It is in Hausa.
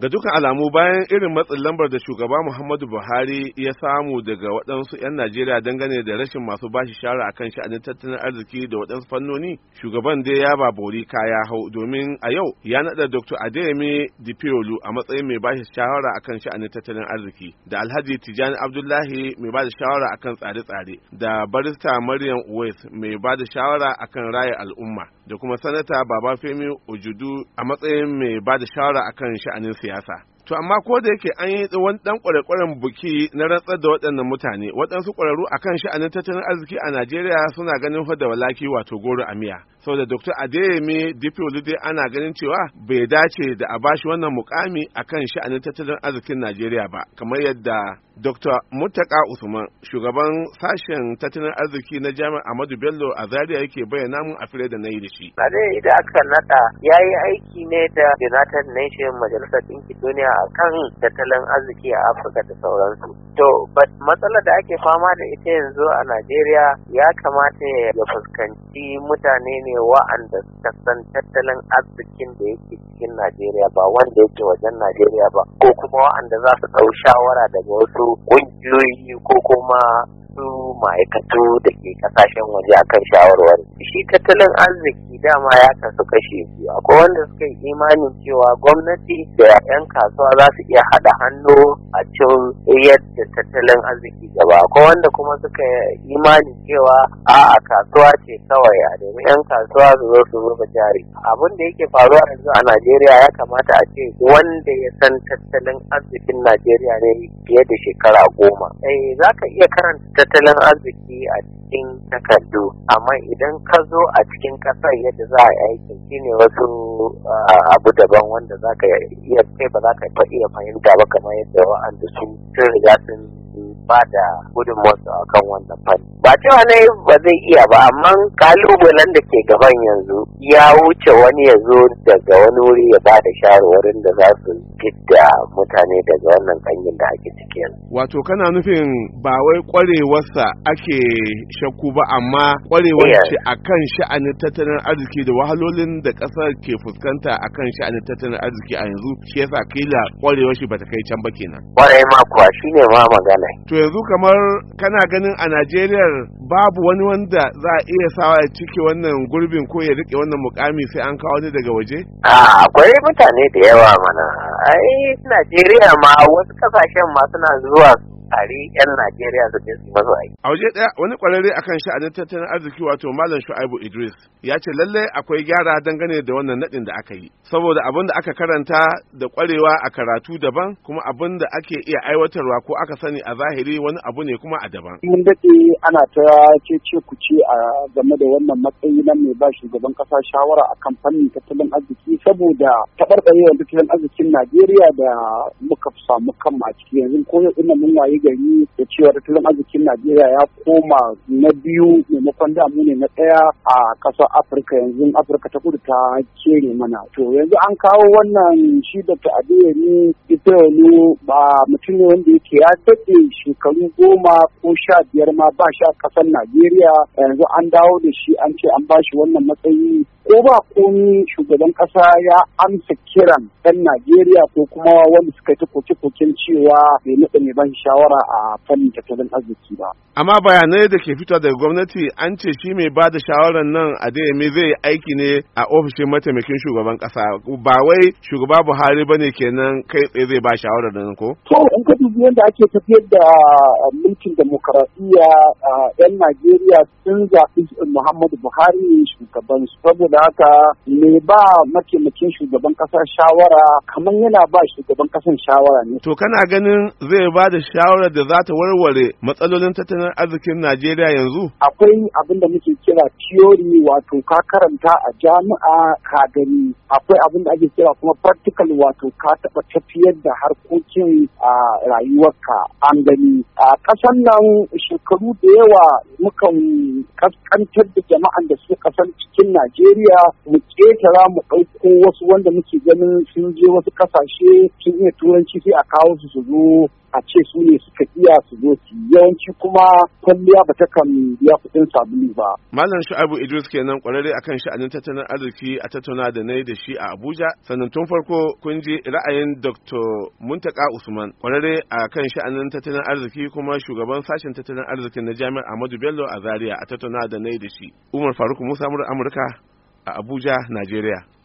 ga dukan alamu bayan irin matsin lambar da shugaba muhammadu buhari ya samu daga waɗansu 'yan najeriya dangane da rashin masu bashi shara a kan sha'anin tattalin arziki da waɗansu fannoni shugaban dai ya ba bori kaya hau domin a yau ya naɗa dr adeyemi dipiolu a matsayin mai bashi shawara a kan sha'anin tattalin arziki da alhaji tijani abdullahi mai ba shawara a kan tsare-tsare da barista maryam uwais mai ba shawara a kan raya al'umma da kuma sanata babafemi ojudu a matsayin mai bada shawara a kan sha'anin siyasa To amma ko da yake an yi tsawon dan kwarekwaren buki na rantsar da waɗannan mutane, waɗansu kwararru akan sha'anin tattalin arziki a Najeriya suna ganin fa da walaki wato goro a miya. saboda dr adeyemi dipolo ana ganin cewa bai dace da a bashi wannan mukami akan sha'anin tattalin arzikin najeriya ba kamar yadda dr mutaka usman shugaban sashen tattalin arziki na jami'ar amadu bello a zaria yake bayyana mun a fire da na yi da shi da aka nada ya yi aiki ne da united nations majalisar ɗinkin duniya akan tattalin arziki a afirka da sauransu To, but matsalar da ake fama da ita yanzu a Najeriya ya kamata ya fuskanci mutane ne wa'anda suka san tattalin arzikin da yake cikin Najeriya ba wanda yake wajen Najeriya ba, ko kuma wa'anda za su ɗau shawara daga wasu ƙungiyoyi ko kuma su ma'aikatu da ke kasashen waje akan shawarwari shi tattalin arziki dama ya kasu kashe biyu akwai wanda suka yi imanin cewa gwamnati da 'yan kasuwa za su iya haɗa hannu a cin yadda tattalin arziki gaba akwai wanda kuma suka yi imanin cewa a'a kasuwa ce kawai a domin 'yan kasuwa su zo su zuba jari abin da yake faruwa yanzu a najeriya ya kamata a ce wanda ya san tattalin arzikin najeriya ne fiye da shekara goma eh, za ka iya karanta tattalin arziki a cikin takardu amma idan ka zo a cikin ƙasar yadda za a aikin ne wasu abu daban wanda za ka iya ba za ka iya fahimta ba kamar yadda wa'anda sun riga sun ba da masu a kan wannan fanni. Ba cewa ne ba zai iya ba amma kalubalen da ke gaban yanzu ya wuce wani ya zo daga wani wuri ya ba da shawarwarin da za su gida mutane daga wannan kanyin da ake ciki yanzu. Wato kana nufin ba wai kwarewarsa ake shakku ba amma kwarewar a akan sha'anin tattalin arziki da wahalolin da ƙasar ke fuskanta akan sha'anin tattalin arziki a yanzu shi yasa kila kwarewar shi ta kai can ba kenan. Kwarai ma kuwa ne ma magana. yanzu kamar kana ganin a najeriya babu wani wanda za a iya sawa ya cike wannan gurbin ko ya rike wannan mukami sai an kawo ne daga waje akwai mutane da yawa mana ai najeriya ma wasu kasashen ma suna zuwa tsare 'yan Najeriya su je su masu aiki. A waje ɗaya wani ƙwararre akan sha'anin tattalin arziki wato Malam Shu'aibu Idris ya ce lallai akwai gyara dangane da wannan naɗin da aka yi. Saboda abin da aka karanta da ƙwarewa a karatu daban kuma abin da ake iya aiwatarwa ko aka sani a zahiri wani abu ne kuma a daban. Mun daɗe ana ta ce ku ce a game da wannan matsayi na mai ba shugaban ƙasa shawara kan fannin tattalin arziki saboda taɓarɓarewar tattalin arzikin Najeriya da muka samu kanmu a ciki yanzu ko yanzu ina mun waye yi gari da cewa tattalin arzikin Najeriya ya koma na biyu maimakon da ne na daya a kasar Afirka yanzu Afirka ta kudu ta kere mana. To yanzu an kawo wannan shi da ta ita yanzu ba mutum ne wanda yake ya daɗe shekaru goma ko sha biyar ma ba sha kasar Najeriya yanzu an dawo da shi an ce an ba shi wannan matsayi ko ba komi shugaban kasa ya amsa kiran ɗan Najeriya ko kuma wanda suka yi ta koke-koken cewa bai naɗa mai ban shawara shawara a fannin tattalin arziki ba. Amma bayanai da ke fita daga gwamnati an ce shi mai ba da shawarar nan a me zai aiki ne a ofishin mataimakin shugaban kasa ba wai shugaba Buhari ba ne kenan kai tsaye zai ba shawarar nan ko? To in ka dubi yadda ake tafiyar da ah, mulkin demokaradiyya ah, yan Najeriya sun zafi eh, Muhammadu Buhari shugaban su saboda haka me ba mataimakin shugaban kasa shawara kamar yana ba shugaban kasan shawara ne. To kana ganin zai ba da shawara shawarar da za ta warware matsalolin tattalin arzikin Najeriya yanzu? Akwai abin da muke kira theory wato ka karanta a jami'a ka gani. Akwai abin da ake kira kuma practical wato ka taɓa tafiyar da harkokin a rayuwarka an gani. A ƙasan nan shekaru da yawa mukan kaskantar da jama'an da suka kasan cikin Najeriya mu ƙetara mu ɗauko wasu wanda muke ganin sun je wasu ƙasashe sun iya turanci sai a kawo su su zo a ce su ne suka iya su zo su yawanci kuma kwalliya ba ta kan biya kuɗin sabulu ba. Malam Shu'abu Idris kenan kwararre akan sha'anin tattalin arziki a tattauna da na da shi a Abuja. Sannan tun farko kun ji ra'ayin Dr. Muntaka Usman kwararre akan sha'anin tattalin arziki kuma shugaban sashen tattalin arzikin na Jami'ar Ahmadu Bello a Zaria a tattauna da na da shi. Umar Faruk Musa Amurka a Abuja, Najeriya.